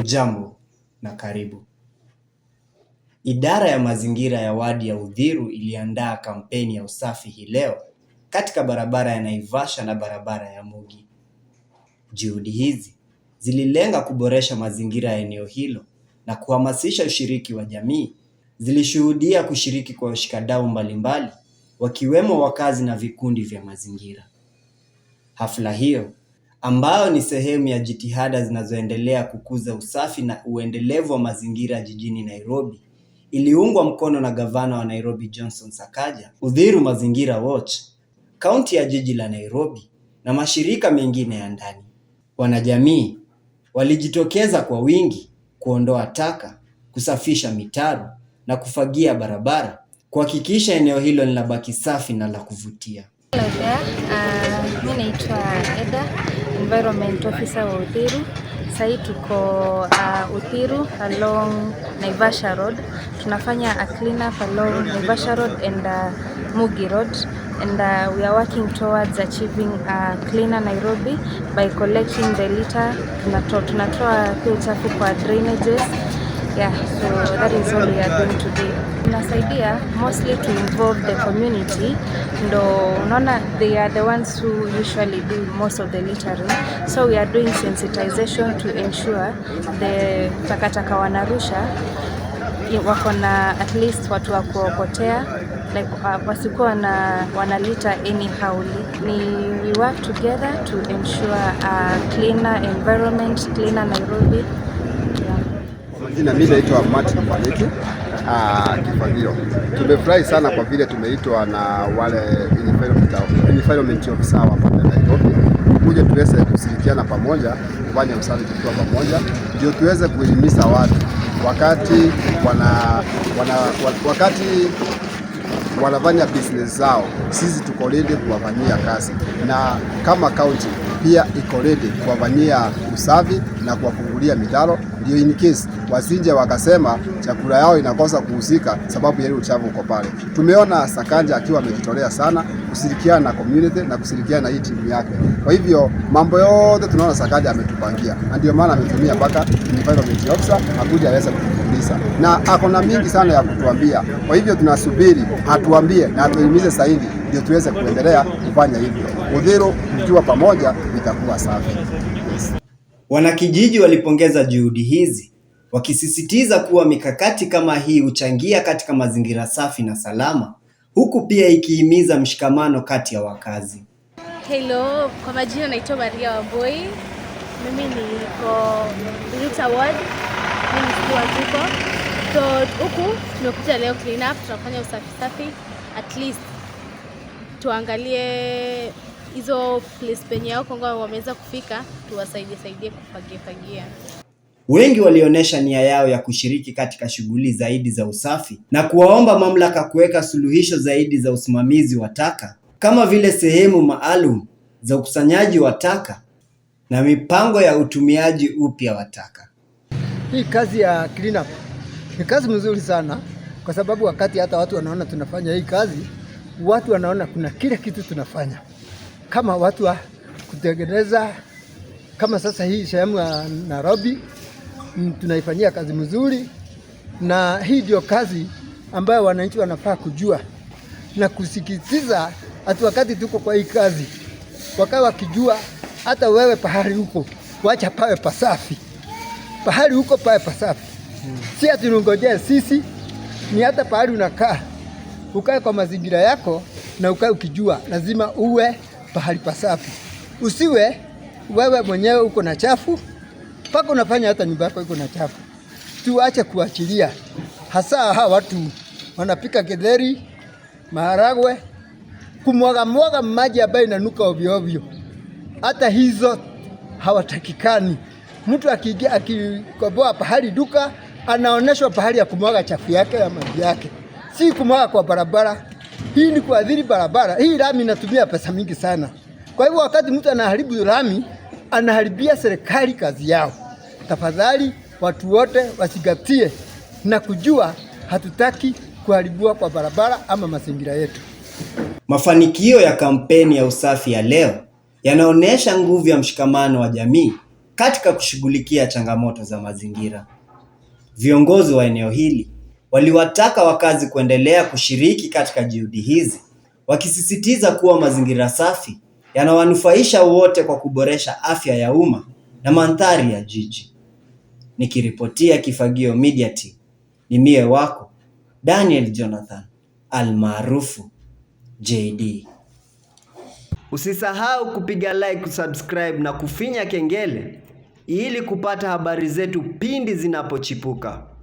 Ujambo na karibu. Idara ya mazingira ya wadi ya Uthiru iliandaa kampeni ya usafi hii leo katika barabara ya Naivasha na barabara ya Mugi. Juhudi hizi zililenga kuboresha mazingira ya eneo hilo na kuhamasisha ushiriki wa jamii. Zilishuhudia kushiriki kwa washikadau mbalimbali wakiwemo wakazi na vikundi vya mazingira. Hafla hiyo ambayo ni sehemu ya jitihada zinazoendelea kukuza usafi na uendelevu wa mazingira jijini Nairobi, iliungwa mkono na gavana wa Nairobi Johnson Sakaja, Udhiru Mazingira Watch, kaunti ya jiji la Nairobi na mashirika mengine ya ndani. Wanajamii walijitokeza kwa wingi kuondoa taka, kusafisha mitaro na kufagia barabara kuhakikisha eneo hilo linabaki safi na la kuvutia. Uh, mimi naitwa Eda environment officer wa Uthiru. Sahii tuko uh, Uthiru along Naivasha Road, tunafanya a clean up along Naivasha Road and uh, Mugi Road and uh, we are working towards achieving a cleaner Nairobi by collecting the litter, tunatoa pia uchafu kwa drainages Yeah, so that is all we are doing today. Tunasaidia mostly to involve the community. Ndo unaona they are the ones who usually do most of the littering. So we are doing sensitization to ensure the takataka wanarusha wako na at least watu wa kuokotea like uh, wasikuwa na wanalita anyhow. Ni we work together to ensure a cleaner environment, cleaner Nairobi. Jina mimi naitwa Martin Mwaniki ah, Kifagio. Tumefurahi sana kwa vile tumeitwa na wale environment ofisa wa Nairobi kuja tuweze kushirikiana pamoja kufanya usafi tukiwa pamoja, ndio tuweze kuelimisha watu wakati wana, wana, wakati wanafanya business zao, sisi tuko ready kuwafanyia kazi, na kama kaunti pia iko ready kuwafanyia usafi na kuwafungulia mitaro ndio in case wasinje wakasema chakula yao inakosa kuhusika sababu ya ile uchafu uko pale. Tumeona Sakanja akiwa amejitolea sana kushirikiana na community na kushirikiana na hii timu yake. Kwa hivyo mambo yote tunaona Sakanja ametupangia, na ndio maana ametumia mpaka environment officer akuja aweze kutufundisha, na ako na mingi sana ya kutuambia. Kwa hivyo tunasubiri atuambie na atuimize sahihi, ndio tuweze kuendelea kufanya hivyo. Udhiro mkiwa pamoja, itakuwa safi. Wanakijiji walipongeza juhudi hizi wakisisitiza kuwa mikakati kama hii huchangia katika mazingira safi na salama huku pia ikihimiza mshikamano kati ya wakazi. Hello, kwa majina naitwa Maria waboi Mimi niko Rita Ward. Mimi ni tuko. So huku tumekuja leo clean up, tunafanya usafi safi at least tuangalie hizo place penye yao Kongo wameweza kufika, tuwasaidie saidie kufagia fagia. Wengi walionyesha nia yao ya kushiriki katika shughuli zaidi za usafi na kuwaomba mamlaka kuweka suluhisho zaidi za usimamizi wa taka kama vile sehemu maalum za ukusanyaji wa taka na mipango ya utumiaji upya wa taka. Hii kazi ya clean up ni kazi mzuri sana, kwa sababu wakati hata watu wanaona tunafanya hii kazi, watu wanaona kuna kila kitu tunafanya kama watu wa kutengeneza kama sasa hii sehemu ya Nairobi mm, tunaifanyia kazi mzuri, na hii ndio kazi ambayo wananchi wanafaa kujua na kusikitiza, hata wakati tuko kwa hii kazi, wakawa wakijua hata wewe pahali huko wacha pawe pasafi, pahali huko pawe pasafi hmm. Si ati nungojee sisi, ni hata pahali unakaa ukae kwa mazingira yako na ukae ukijua lazima uwe pahali pasafi. Usiwe wewe mwenyewe uko na chafu mpaka unafanya hata nyumba yako iko na chafu. Tuache kuachilia, hasa hawa watu wanapika githeri, maharagwe, kumwaga mwaga maji ambayo inanuka ovyo ovyo. Hata hizo hawatakikani. Mtu akikoboa pahali duka anaonyeshwa pahali ya kumwaga chafu yake ya maji yake, si kumwaga kwa barabara. Hii ni kuadhiri barabara. Hii lami inatumia pesa mingi sana. Kwa hivyo wakati mtu anaharibu lami, anaharibia serikali kazi yao. Tafadhali watu wote wasigatie na kujua hatutaki kuharibiwa kwa barabara ama mazingira yetu. Mafanikio ya kampeni ya usafi ya leo yanaonyesha nguvu ya mshikamano wa jamii katika kushughulikia changamoto za mazingira. Viongozi wa eneo hili Waliwataka wakazi kuendelea kushiriki katika juhudi hizi, wakisisitiza kuwa mazingira safi yanawanufaisha wote kwa kuboresha afya ya umma na mandhari ya jiji. Nikiripotia Kifagio Media Team, ni mie wako Daniel Jonathan almaarufu JD. Usisahau kupiga like, kusubscribe na kufinya kengele ili kupata habari zetu pindi zinapochipuka.